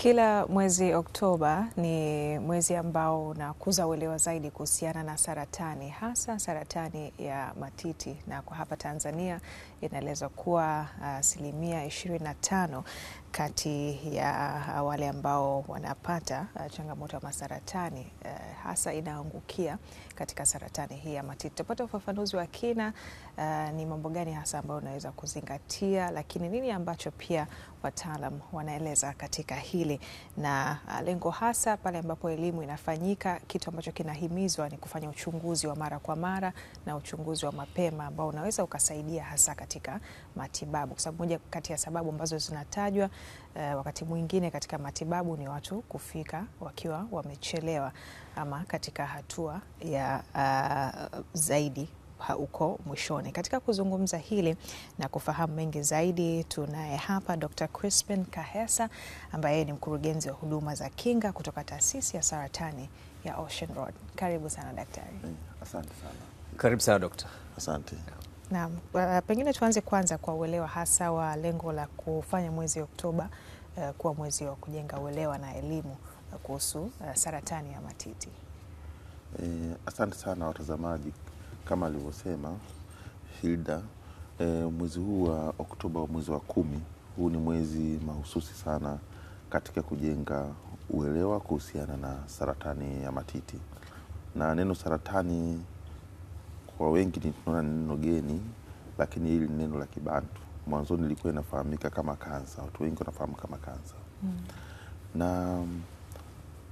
Kila mwezi Oktoba ni mwezi ambao unakuza uelewa zaidi kuhusiana na saratani, hasa saratani ya matiti, na kwa hapa Tanzania inaelezwa kuwa asilimia uh, 25 kati ya uh, wale ambao wanapata uh, changamoto ya masaratani uh, hasa inaangukia katika saratani hii ya matiti. Tutapata ufafanuzi wa kina uh, ni mambo gani hasa ambayo unaweza kuzingatia, lakini nini ambacho pia wataalam wanaeleza katika hili, na uh, lengo hasa pale ambapo elimu inafanyika, kitu ambacho kinahimizwa ni kufanya uchunguzi wa mara kwa mara na uchunguzi wa mapema ambao unaweza ukasaidia hasa katika matibabu, kwa sababu moja kati ya sababu ambazo zinatajwa uh, wakati mwingine katika matibabu ni watu kufika wakiwa wamechelewa ama katika hatua ya uh, zaidi huko mwishoni. Katika kuzungumza hili na kufahamu mengi zaidi, tunaye hapa Dr. Crispin Kahesa ambaye ni mkurugenzi wa huduma za kinga kutoka taasisi ya saratani ya Ocean Road. Karibu sana daktari. Asante sana. Karibu sana dokta. Asante. Naam, eh, pengine tuanze kwanza kwa uelewa hasa wa lengo la kufanya mwezi Oktoba uh, kuwa mwezi wa kujenga uelewa na elimu uh, kuhusu uh, saratani ya matiti. Eh, asante sana watazamaji, kama alivyosema Hilda eh, mwezi huu wa Oktoba, mwezi wa kumi, huu ni mwezi mahususi sana katika kujenga uelewa kuhusiana na saratani ya matiti, na neno saratani kwa wengi tunaona ni neno geni, lakini hili ni neno la Kibantu. Mwanzoni ilikuwa inafahamika kama kansa, watu wengi wanafahamu kama kansa mm. na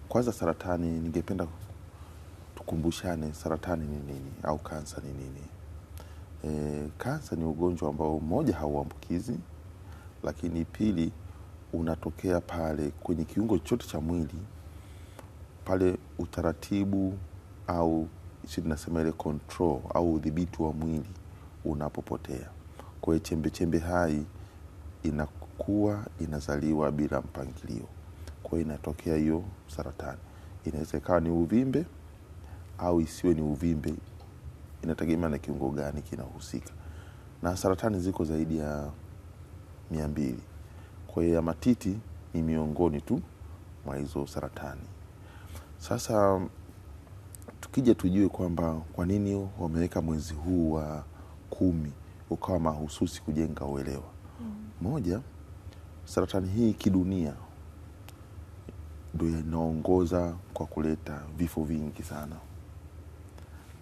kwanza saratani, ningependa tukumbushane saratani ni nini au kansa ni nini? E, kansa ni ugonjwa ambao mmoja hauambukizi, lakini pili unatokea pale kwenye kiungo chote cha mwili pale utaratibu au si tunasema ile control au udhibiti wa mwili unapopotea. Kwa hiyo chembechembe hai inakuwa inazaliwa bila mpangilio, kwa hiyo inatokea hiyo saratani. Inaweza ikawa ni uvimbe au isiwe ni uvimbe, inategemea na kiungo gani kinahusika. Na saratani ziko zaidi ya mia mbili. Kwa hiyo ya matiti ni miongoni tu mwa hizo saratani. Sasa tukija tujue kwamba kwa nini wameweka mwezi huu wa kumi ukawa mahususi kujenga uelewa mm. Moja, saratani hii kidunia ndo inaongoza kwa kuleta vifo vingi sana,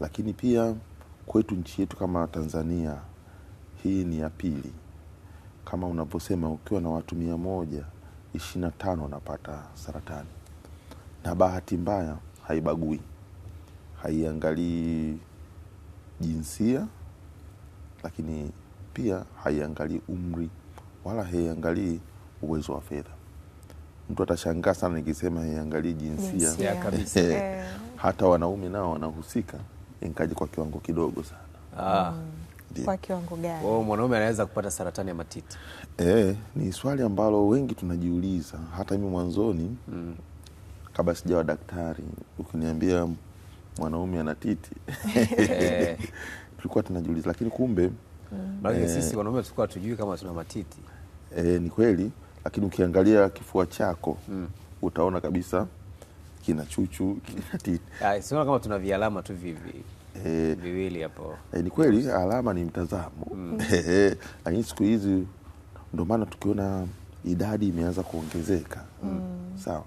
lakini pia kwetu nchi yetu kama Tanzania hii ni ya pili. Kama unavyosema ukiwa na watu mia moja ishiri na tano wanapata saratani, na bahati mbaya haibagui haiangalii jinsia, lakini pia haiangalii umri wala haiangalii uwezo wa fedha. Mtu atashangaa sana nikisema haiangalii jinsia, jinsia. kabisa. Yeah. Eh. hata wanaume nao wanahusika, ingaji kwa kiwango kidogo sana. Ah. Mm. Kwa kiwango gani? Wao mwanaume anaweza kupata saratani ya matiti? E, ni swali ambalo wengi tunajiuliza. Hata mimi mwanzoni mm. kabla sijawa daktari, ukiniambia mwanaume ana titi tulikuwa tunajiuliza, lakini kumbe maana mm. sisi wanaume tulikuwa tujui kama tuna matiti e, ni kweli, lakini ukiangalia kifua chako mm. utaona kabisa kina chuchu kina titi. Ah, sio kama tuna vialama tu vivi eh, viwili hapo e, ni kweli, alama ni mtazamo mm. lakini siku hizi ndio maana tukiona idadi imeanza kuongezeka mm. Sawa,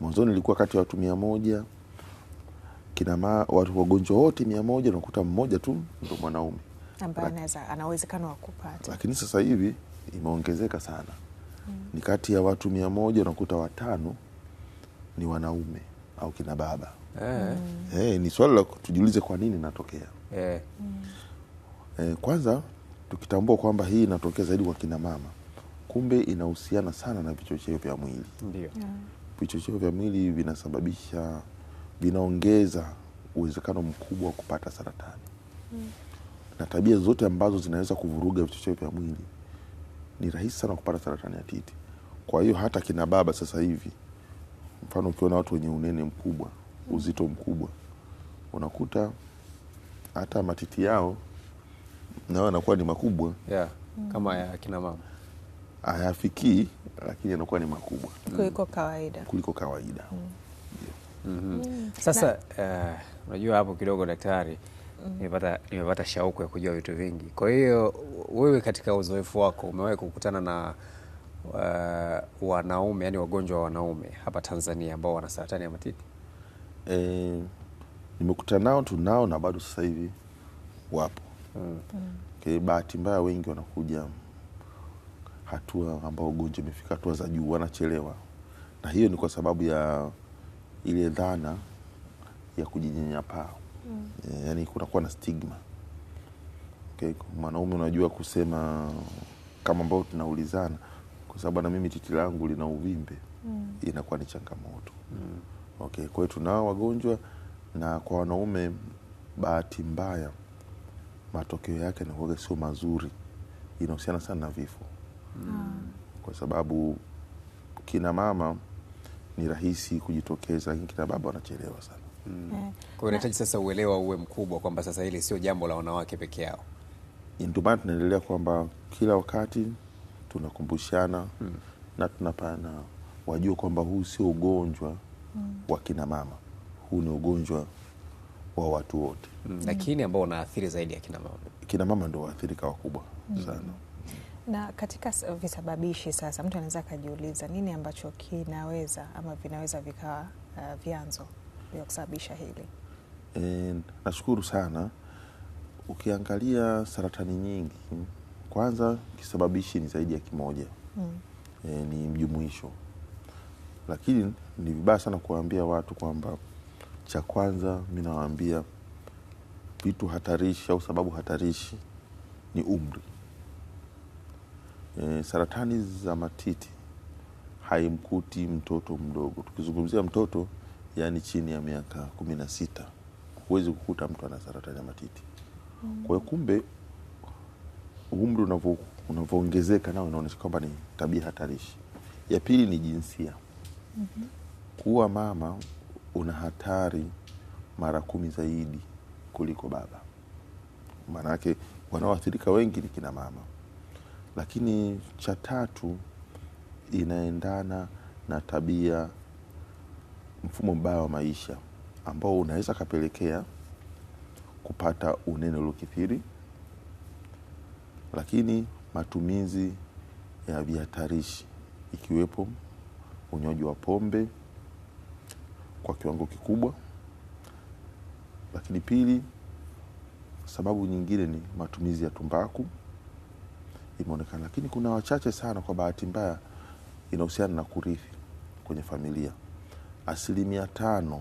mwanzoni ilikuwa kati ya watu mia moja kina ma, watu wagonjwa wote mia moja unakuta mmoja tu ndo mwanaume ambaye anaweza ana uwezekano wa kupata, lakini sasa hivi imeongezeka sana mm. ni kati ya watu mia moja unakuta watano ni wanaume au kina baba eh. mm. Hey, eh, ni swala la tujiulize kwa nini inatokea eh. mm. Eh, kwanza tukitambua kwamba hii inatokea zaidi kwa kina mama, kumbe inahusiana sana na vichocheo vya mwili. Ndio. Yeah. Vichocheo vya mwili vinasababisha vinaongeza uwezekano mkubwa wa kupata saratani mm. na tabia zote ambazo zinaweza kuvuruga vichocheo vya mwili ni rahisi sana kupata saratani ya titi. Kwa hiyo hata kina baba sasa hivi, mfano ukiona watu wenye unene mkubwa, hmm. uzito mkubwa, unakuta hata matiti yao nayo yanakuwa ni makubwa yeah, hmm. kama ya kina mama hayafikii, lakini yanakuwa ni makubwa kuliko kawaida, kuliko kawaida. Mm. Mm -hmm. Sasa eh, unajua uh, hapo kidogo daktari, mm -hmm. nimepata shauku ya kujua vitu vingi. Kwa hiyo wewe katika uzoefu wako umewahi kukutana na uh, wanaume yani wagonjwa wa wanaume hapa Tanzania ambao wana saratani ya matiti? E, nimekutana nao, tunao na bado sasa hivi wapo. mm. Mm. Bahati mbaya wengi wanakuja hatua ambao ugonjwa imefika hatua za juu, wanachelewa, na hiyo ni kwa sababu ya ile dhana ya kujinyanyapaa mm. E, yani kunakuwa na stigma okay. Mwanaume unajua kusema kama ambavyo tunaulizana, kwa sababu na mimi titi langu lina uvimbe mm. inakuwa ni changamoto mm. okay. Kwa hiyo tunao wagonjwa na kwa wanaume, bahati mbaya matokeo yake nakuaga sio mazuri, inahusiana sana na vifo mm. kwa sababu kina mama ni rahisi kujitokeza, lakini kina baba wanachelewa sana. Mm. Yeah. Kwa sasa uelewa uwe mkubwa kwamba sasa hili sio jambo la wanawake peke yao. Ndio maana tunaendelea kwamba kila wakati tunakumbushana mm. na tunapana wajua kwamba huu sio ugonjwa mm. wa kina mama, huu ni ugonjwa wa watu wote, hmm. lakini mm. ambao unaathiri zaidi ya kina mama. Kina mama ndio waathirika wakubwa mm. sana. Na katika visababishi sasa, mtu anaweza akajiuliza nini ambacho kinaweza ama vinaweza vikawa uh, eh, vyanzo vya kusababisha hili? E, nashukuru sana. Ukiangalia saratani nyingi, kwanza kisababishi ni zaidi ya kimoja mm. E, ni mjumuisho, lakini ni vibaya sana kuwaambia watu kwamba cha kwanza, mi nawaambia vitu hatarishi au sababu hatarishi ni umri e, saratani za matiti haimkuti mtoto mdogo. Tukizungumzia mtoto, yani chini ya miaka kumi na sita, huwezi kukuta mtu ana saratani ya matiti. Kwa hiyo kumbe umri unavyoongezeka nao inaonyesha kwamba ni tabia hatarishi. Ya pili ni jinsia. mm -hmm. Kuwa mama una hatari mara kumi zaidi kuliko baba. maanaake wanaoathirika wengi ni kina mama. Lakini cha tatu inaendana na tabia, mfumo mbaya wa maisha ambao unaweza kapelekea kupata unene uliokithiri, lakini matumizi ya vihatarishi ikiwepo unywaji wa pombe kwa kiwango kikubwa. Lakini pili, sababu nyingine ni matumizi ya tumbaku imeonekana, lakini kuna wachache sana, kwa bahati mbaya, inahusiana na kurithi kwenye familia. Asilimia tano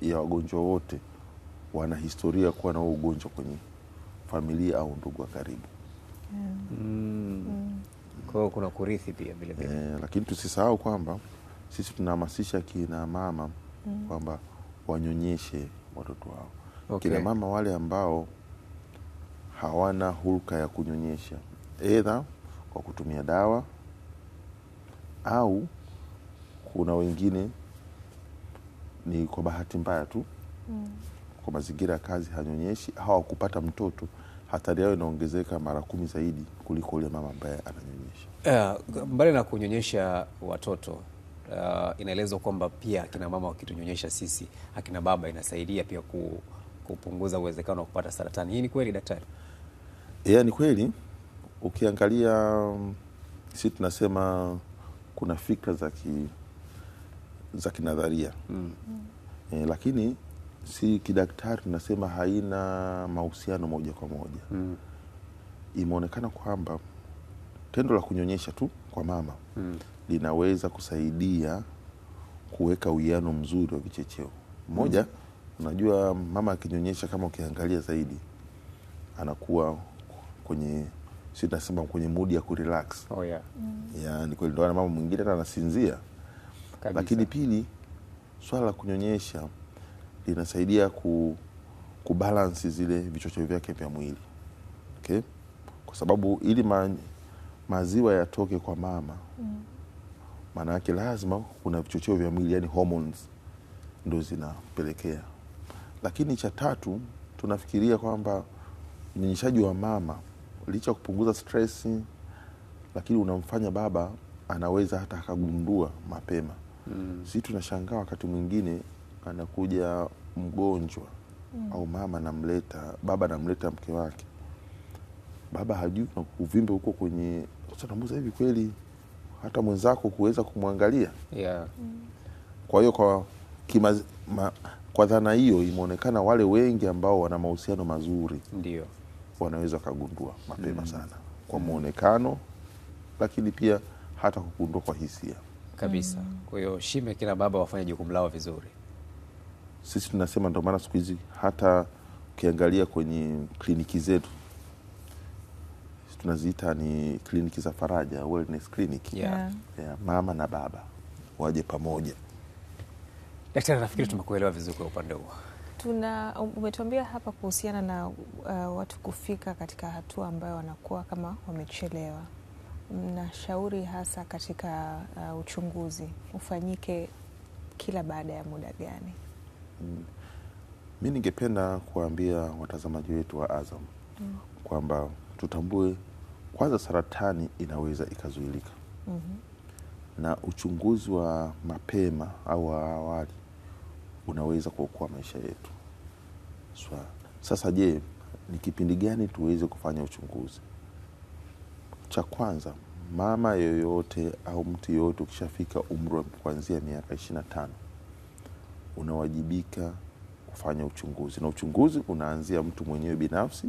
ya wagonjwa wote wana historia kuwa na huo ugonjwa kwenye familia au ndugu wa karibu. yeah. mm. mm. Kwa hiyo kuna kurithi pia vile vile eh, lakini tusisahau kwamba sisi tunahamasisha kina mama mm. kwamba wanyonyeshe watoto wao. okay. Kina mama wale ambao hawana hulka ya kunyonyesha edha kwa kutumia dawa au kuna wengine ni kwa bahati mbaya tu mm. kwa mazingira ya kazi hanyonyeshi, au akupata mtoto, hatari yao inaongezeka mara kumi zaidi kuliko ule mama ambaye ananyonyesha. Uh, mbali na kunyonyesha watoto uh, inaelezwa kwamba pia akina mama wakitunyonyesha sisi akina baba inasaidia pia ku, kupunguza uwezekano wa kupata saratani. Hii ni kweli daktari? Yeah, ni kweli ukiangalia mm, si tunasema kuna fikra za ki, za kinadharia mm. E, lakini si kidaktari tunasema haina mahusiano moja kwa moja mm. Imeonekana kwamba tendo la kunyonyesha tu kwa mama mm. linaweza kusaidia kuweka uwiano mzuri wa vichecheo moja mm. Unajua mama akinyonyesha, kama ukiangalia zaidi, anakuwa kwenye si tunasema kwenye mudi ya kurelax. Oh, yeah. Mm. yani, ndoana mambo mwingine hata anasinzia Lakini pili, swala la kunyonyesha linasaidia ku kubalansi zile vichocheo vyake vya mwili okay? Kwa sababu ili ma, maziwa yatoke kwa mama mm. yake lazima kuna vichocheo vya mwili yani hormones ndo zinapelekea. Lakini cha tatu tunafikiria kwamba unyonyeshaji wa mama licha ya kupunguza stress, lakini unamfanya baba anaweza hata akagundua mapema mm. Si tunashangaa wakati mwingine anakuja mgonjwa mm. au mama anamleta baba anamleta mke wake, baba hajui na uvimbe huko kwenye sasa. Hivi kweli hata mwenzako kuweza kumwangalia yeah. mm. kwa hiyo kwa kima, ma, kwa dhana hiyo imeonekana wale wengi ambao wana mahusiano mazuri ndio wanaweza wakagundua mapema mm. sana kwa mwonekano, lakini pia hata kugundua kwa hisia kabisa. Mm. Kwa hiyo shime kina baba wafanye jukumu lao vizuri. Sisi tunasema ndio maana siku hizi hata ukiangalia kwenye kliniki zetu tunaziita ni kliniki za faraja, wellness clinic yeah. Yeah, mama na baba waje pamoja. Daktari, nafikiri tumekuelewa vizuri kwa upande huo tuna umetuambia hapa kuhusiana na uh, watu kufika katika hatua ambayo wanakuwa kama wamechelewa. Mnashauri hasa katika uh, uchunguzi ufanyike kila baada ya muda gani? Mm. Mi ningependa kuwaambia watazamaji wetu wa Azam mm. kwamba tutambue kwanza saratani inaweza ikazuilika. mm -hmm. na uchunguzi wa mapema au wa awali unaweza kuokoa maisha yetu swala. Sasa je, ni kipindi gani tuweze kufanya uchunguzi? Cha kwanza, mama yoyote au mtu yoyote ukishafika umri wa kuanzia miaka ishirini na tano unawajibika kufanya uchunguzi, na uchunguzi unaanzia mtu mwenyewe binafsi,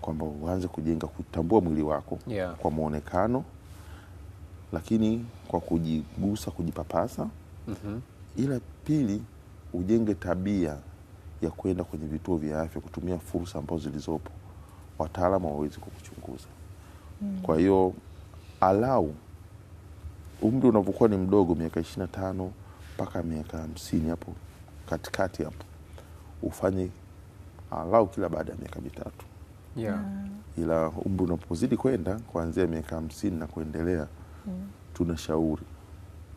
kwamba uanze kujenga kutambua mwili wako yeah, kwa mwonekano, lakini kwa kujigusa, kujipapasa mm -hmm ila pili, ujenge tabia ya kwenda kwenye vituo vya afya kutumia fursa ambazo zilizopo, wataalamu hawawezi kukuchunguza. mm. Kwa hiyo alau umri unavyokuwa ni mdogo, miaka ishirini na tano mpaka miaka hamsini hapo katikati hapo, ufanye alau kila baada ya miaka mitatu yeah. Mm. Ila umri unapozidi kwenda kuanzia miaka hamsini na kuendelea, mm. tunashauri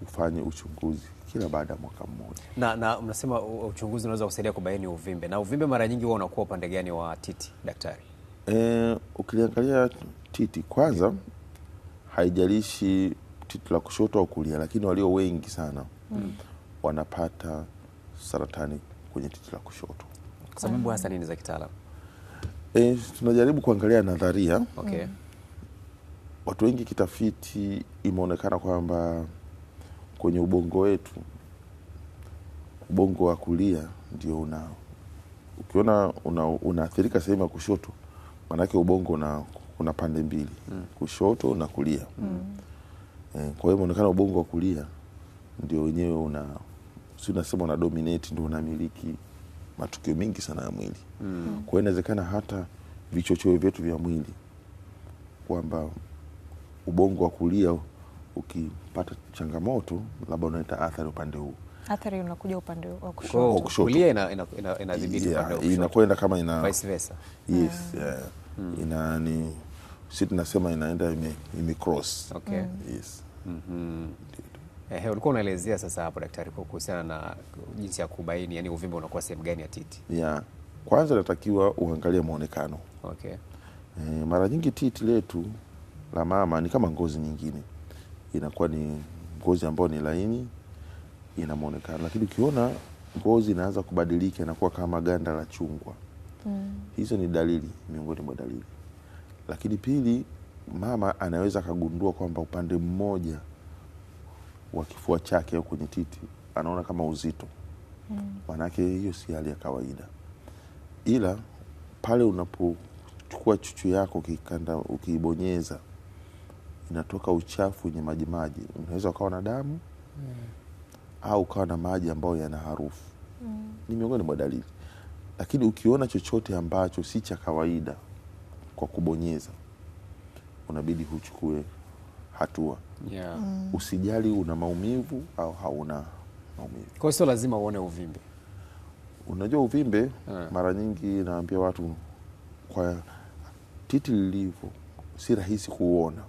ufanye uchunguzi kila baada ya mwaka mmoja. Na, na mnasema uchunguzi unaweza kusaidia kubaini uvimbe, na uvimbe mara nyingi huwa unakuwa upande gani wa titi daktari? E, ukiliangalia titi kwanza, haijalishi titi la kushoto au kulia, lakini walio wengi sana mm. wanapata saratani kwenye titi la kushoto. Sababu hasa nini za kitaalamu? E, tunajaribu kuangalia nadharia okay. Watu wengi kitafiti imeonekana kwamba kwenye ubongo wetu, ubongo wa kulia ndio una ukiona unaathirika una sehemu ya kushoto, maanake ubongo una, una pande mbili mm. kushoto na kulia mm. eh, kwa hiyo inaonekana ubongo wa kulia ndio wenyewe una si unasema una dominate, ndio unamiliki matukio mengi sana ya mwili mm. mm. Kwa hiyo inawezekana hata vichocheo vyetu vya mwili kwamba ubongo wa kulia ukipata changamoto labda unaleta athari upande huu athari unakuja upande wa kushoto, oh, Kwa Kulia ina, ina, ina, upande yeah, wa kushoto. inakwenda kama ina vice versa. Yes, mm. Yeah. Mm. Ina ni sisi tunasema inaenda ime, ime cross. Okay. Mm. Yes. Mhm. Mm Eh, ulikuwa unaelezea sasa hapo daktari, kwa kuhusiana na jinsi ya kubaini yani uvimbe unakuwa sehemu gani ya titi? Yeah. Kwanza natakiwa uangalie muonekano. Okay. Eh, mara nyingi titi letu la mama ni kama ngozi nyingine inakuwa ni ngozi ambayo ni laini, ina muonekano. Lakini ukiona ngozi inaanza kubadilika, inakuwa kama ganda la chungwa mm. hizo ni dalili, miongoni mwa dalili. Lakini pili, mama anaweza akagundua kwamba upande mmoja wa kifua chake au kwenye titi anaona kama uzito mm. hiyo si hali ya kawaida, ila pale unapochukua chuchu yako ukikanda, ukiibonyeza inatoka uchafu wenye majimaji, unaweza ukawa na damu mm. au ukawa na maji ambayo yana harufu mm. ni miongoni mwa dalili, lakini ukiona chochote ambacho si cha kawaida kwa kubonyeza, unabidi huchukue hatua yeah. mm. Usijali una maumivu au hauna maumivu, kwa hiyo sio lazima uone uvimbe. Unajua uvimbe yeah. mara nyingi naambia watu kwa titi lilivyo si rahisi kuona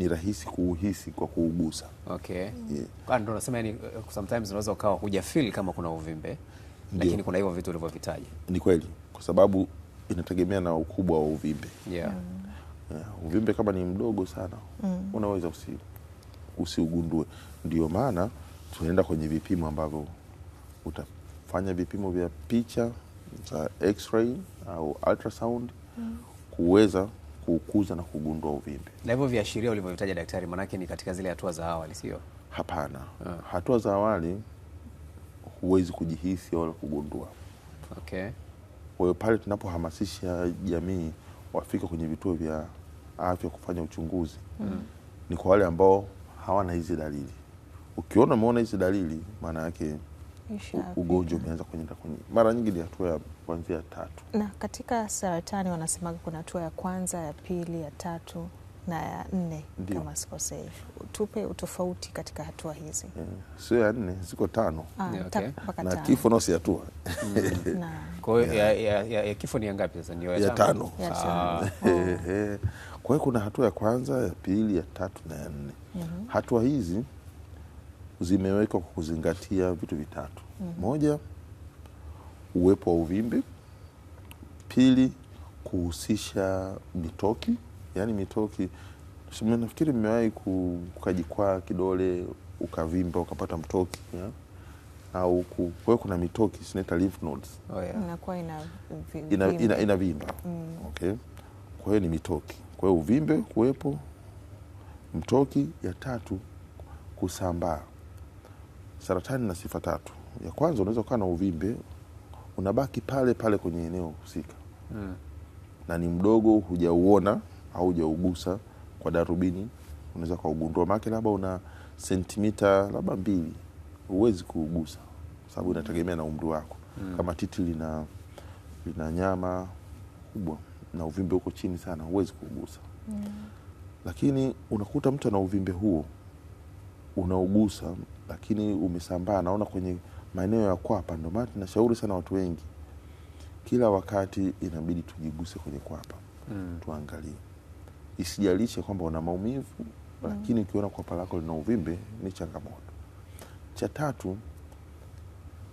ni rahisi kuuhisi kwa kuugusa. Okay. Ah, eh, unaweza ukawa hujafeel kama kuna uvimbe Lakini kuna hivyo vitu ulivyovitaja. Ni kweli kwa sababu inategemea na ukubwa wa uvimbe. Yeah. Mm. Yeah, uvimbe kama ni mdogo sana mm. unaweza usi usiugundue. Ndio maana tunaenda kwenye vipimo ambavyo utafanya vipimo vya picha za x-ray au ultrasound mm. kuweza kuukuza na kugundua uvimbe. Na hivyo viashiria ulivyovitaja daktari, maanake ni katika zile hatua za awali, sio? Hapana, ha. Ah. hatua za awali huwezi kujihisi wala kugundua. Okay. Kwa hiyo pale tunapohamasisha jamii wafike kwenye vituo vya afya kufanya uchunguzi mm. ni kwa wale ambao hawana hizi dalili. Ukiona umeona hizi dalili, maana yake ugonjwa umeanza kuenda kwenye, mara nyingi ni hatua ya kuanzia tatu. Na katika saratani wanasemaga kuna hatua ya kwanza, ya pili, ya tatu na ya nne kama sikosei. Tupe utofauti katika hatua hizi. Eh, sio ya nne, ziko tano. Ah, na kifo nao si hatua. Mm, Kwa hiyo ya kifo ni ngapi sasa? ya tano. Ah. Kwa hiyo kuna hatua ya kwanza, ya pili, ya tatu na ya nne. Mm-hmm. Hatua hizi zimewekwa kwa kuzingatia vitu vitatu. mm -hmm. Moja, uwepo wa uvimbe. Pili, kuhusisha mitoki, yaani mitoki, nafikiri mmewahi kukajikwaa kidole ukavimba ukapata mtoki ya? au kwa kuna mitoki sinaita lymph nodes oh, yeah. inakuwa ina, ina, ina mm. okay. Kwa hiyo ni mitoki, kwa hiyo uvimbe kuwepo, mtoki. Ya tatu kusambaa Saratani na sifa tatu. Ya kwanza unaweza ukawa na uvimbe unabaki pale pale kwenye eneo husika hmm. na ni mdogo, hujauona au hujaugusa kwa darubini, unaweza ukaugundua maake, labda una sentimita labda mbili, huwezi kuugusa sababu inategemea na umri wako hmm. kama titi lina, lina nyama kubwa na uvimbe huko chini sana, huwezi kuugusa hmm. Lakini unakuta mtu ana uvimbe huo unaugusa lakini umesambaa, naona kwenye maeneo ya kwapa. Ndio maana tunashauri sana watu wengi, kila wakati inabidi tujiguse kwenye kwapa mm. Tuangalie, isijalishe kwamba una maumivu mm. Lakini ukiona kwapa lako lina uvimbe ni changamoto. Cha tatu,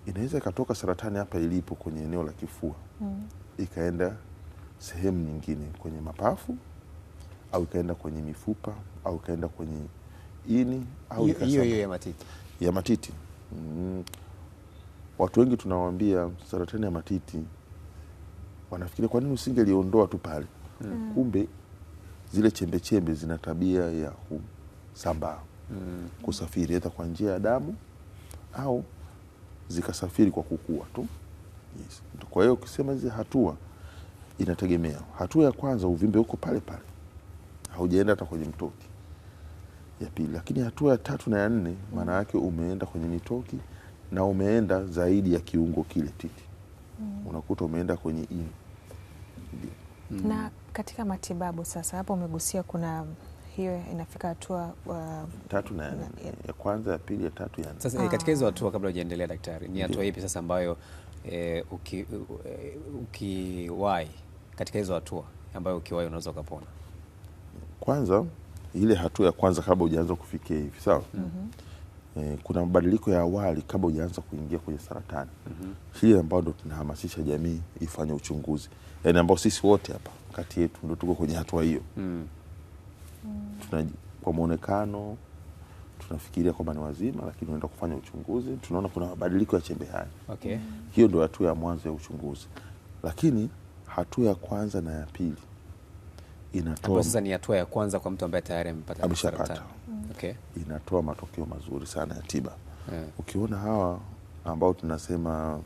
inaweza ikatoka saratani hapa ilipo kwenye eneo la kifua mm. ikaenda sehemu nyingine kwenye mapafu au ikaenda kwenye mifupa au ikaenda kwenye ini au hiyo hiyo ya matiti ya matiti mm. Watu wengi tunawaambia saratani ya matiti, wanafikiria kwa nini usingeliondoa tu pale mm. mm. Kumbe zile chembechembe zina tabia ya kusambaa mm. kusafiri hata kwa njia ya damu au zikasafiri kwa kukua tu yes. Kwa hiyo ukisema hizi hatua inategemea. Hatua ya kwanza uvimbe huko pale pale, haujaenda hata kwenye mtoki ya pili, lakini hatua ya tatu na ya nne maana yake umeenda kwenye mitoki na umeenda zaidi ya kiungo kile titi mm. unakuta umeenda kwenye ini mm. na katika matibabu sasa, hapo umegusia kuna hiyo inafika hatua uh, tatu na, na ya kwanza ya pili ya tatu ya nne. Sasa eh, ah. katika hizo hatua, kabla hujaendelea daktari, ni hatua ipi sasa ambayo e, eh, ukiwai uki, eh, katika hizo hatua ambayo ukiwai unaweza ukapona? Kwanza ile hatua ya kwanza kabla hujaanza kufikia hivi sawa. mm -hmm. E, kuna mabadiliko ya awali kabla hujaanza kuingia kwenye saratani mm -hmm. hili ambayo ndo tunahamasisha jamii ifanye uchunguzi, yaani ambao sisi wote hapa kati yetu ndo tuko kwenye hatua hiyo mm. mm. Tuna, kwa mwonekano tunafikiria kwamba ni wazima, lakini unaenda kufanya uchunguzi, tunaona kuna mabadiliko ya chembe hai okay. Hiyo ndo hatua ya mwanzo ya uchunguzi, lakini hatua ya kwanza na ya pili inatoa sasa ni hatua ya kwanza kwa mtu ambaye tayari amepata ameshapata. Okay. Inatoa matokeo mazuri sana ya tiba yeah. Ukiona hawa ambao tunasema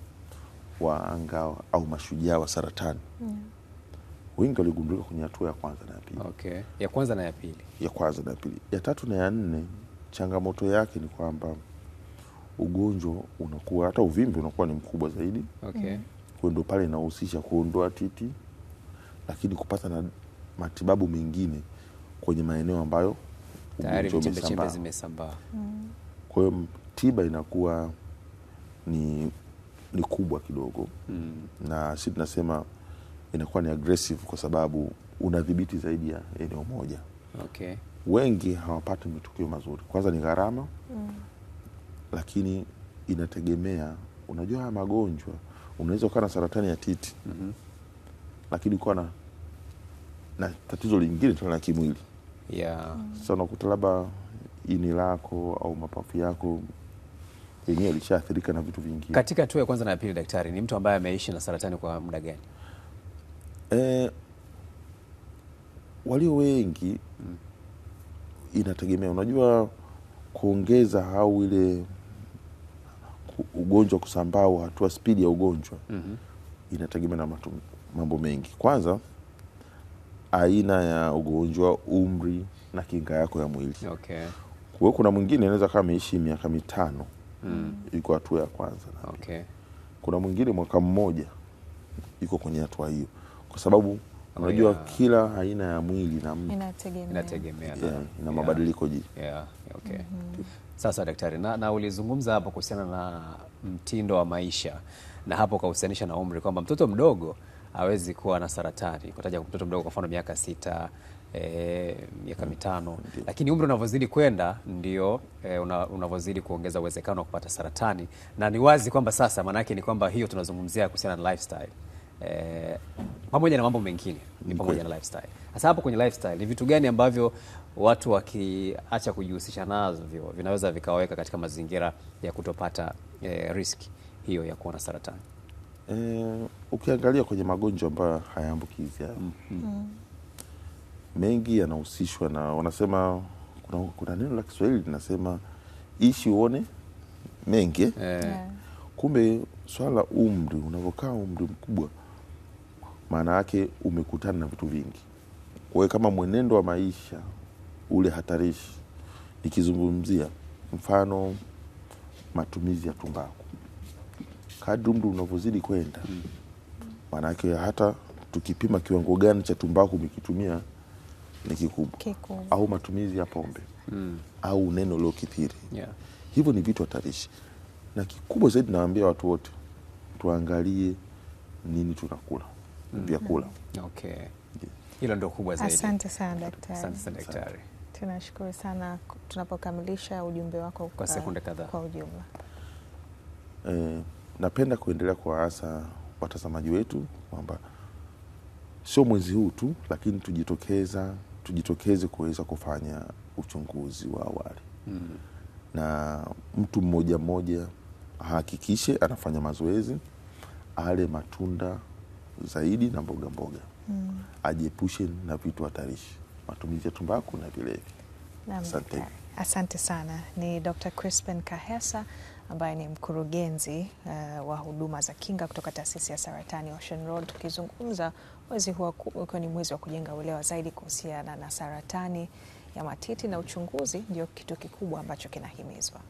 waanga au mashujaa wa saratani yeah. Wengi waligundulika kwenye hatua ya kwanza na ya pili. Okay. Ya kwanza na ya pili, ya kwanza na ya pili, ya tatu na ya nne, changamoto yake ni kwamba ugonjwa unakuwa hata uvimbe unakuwa ni mkubwa zaidi. Okay. Kwa ndio pale inahusisha kuondoa titi, lakini kupata na matibabu mengine kwenye maeneo ambayo chembechembe zimesambaa. Kwa hiyo tiba inakuwa ni, ni kubwa kidogo mm. na si tunasema inakuwa ni aggressive kwa sababu unadhibiti zaidi ya eneo moja. Okay. Wengi hawapati matukio mazuri, kwanza ni gharama mm. lakini inategemea, unajua haya magonjwa unaweza ukawa na saratani ya titi mm -hmm. lakini ukawa na na tatizo lingine tena la kimwili yeah. Sasa unakuta labda ini lako au mapafu yako yenyewe alishaathirika na vitu vingine. Katika hatua ya kwanza na ya pili, daktari, ni mtu ambaye ameishi na saratani kwa muda gani? Eh, walio wengi mm. Inategemea, unajua kuongeza au ile ugonjwa kusambaa hatua spidi ya ugonjwa mm -hmm. Inategemea na mambo mengi. Kwanza aina ya ugonjwa, umri na kinga yako ya mwili. Okay. Kwa kuna mwingine anaweza kama ameishi miaka mitano mm. iko hatua ya kwanza. Okay. Kuna mwingine mwaka mmoja iko kwenye hatua hiyo, kwa sababu oh, unajua oh, yeah. kila aina ya mwili na inategemea, ina, yeah, ina mabadiliko yeah. jii yeah. okay. mm -hmm. Sasa daktari, na, na ulizungumza hapo kuhusiana na mtindo wa maisha na hapo ukahusianisha na umri kwamba mtoto mdogo hawezi kuwa na saratani. Kutaja mtoto mdogo kwa mfano miaka sita E, miaka mitano mm. Lakini umri unavyozidi kwenda ndio e, unavyozidi kuongeza uwezekano wa kupata saratani, na ni wazi kwamba sasa, maanake ni kwamba hiyo tunazungumzia kuhusiana na lifestyle e, pamoja na mambo mengine ni pamoja na lifestyle. Sasa hapo kwenye lifestyle ni vitu gani ambavyo watu wakiacha kujihusisha navyo vinaweza vikawaweka katika mazingira ya kutopata e, risk hiyo ya kuona saratani? eh, ukiangalia kwenye magonjwa ambayo hayaambukizi haya mm -hmm. mm. mengi yanahusishwa na wanasema kuna, kuna neno la Kiswahili linasema ishi uone mengi eh. yeah. Kumbe swala la umri, unavyokaa umri mkubwa, maana yake umekutana na vitu vingi. Kwa hiyo kama mwenendo wa maisha ule hatarishi, nikizungumzia mfano matumizi ya tumbaku kadri umri unavyozidi kwenda, maanake hata tukipima kiwango gani cha tumbaku umekitumia ni kikubwa, au matumizi ya pombe mm. au neno uliokithiri yeah. Hivyo ni vitu hatarishi, na kikubwa zaidi nawaambia watu wote tuangalie nini tunakula mm. vyakula okay. Hilo ndo kubwa zaidi. Asante sana daktari. sana daktari. Tunashukuru sana tunapokamilisha ujumbe wako kwa sekunde kadhaa kwa ujumla eh, napenda kuendelea kuwaasa watazamaji wetu kwamba sio mwezi huu tu, lakini tujitokeza tujitokeze kuweza kufanya uchunguzi wa awali mm. na mtu mmoja mmoja ahakikishe anafanya mazoezi, ale matunda zaidi na mboga mboga mm. ajiepushe na vitu hatarishi, matumizi ya tumbaku na vilevi. Asante, asante sana. Ni Dr. Crispin Kahesa ambaye ni mkurugenzi uh, wa huduma za kinga kutoka taasisi ya saratani Ocean Road, tukizungumza mwezi huu ukiwa ni mwezi wa kujenga uelewa zaidi kuhusiana na saratani ya matiti, na uchunguzi ndio kitu kikubwa ambacho kinahimizwa.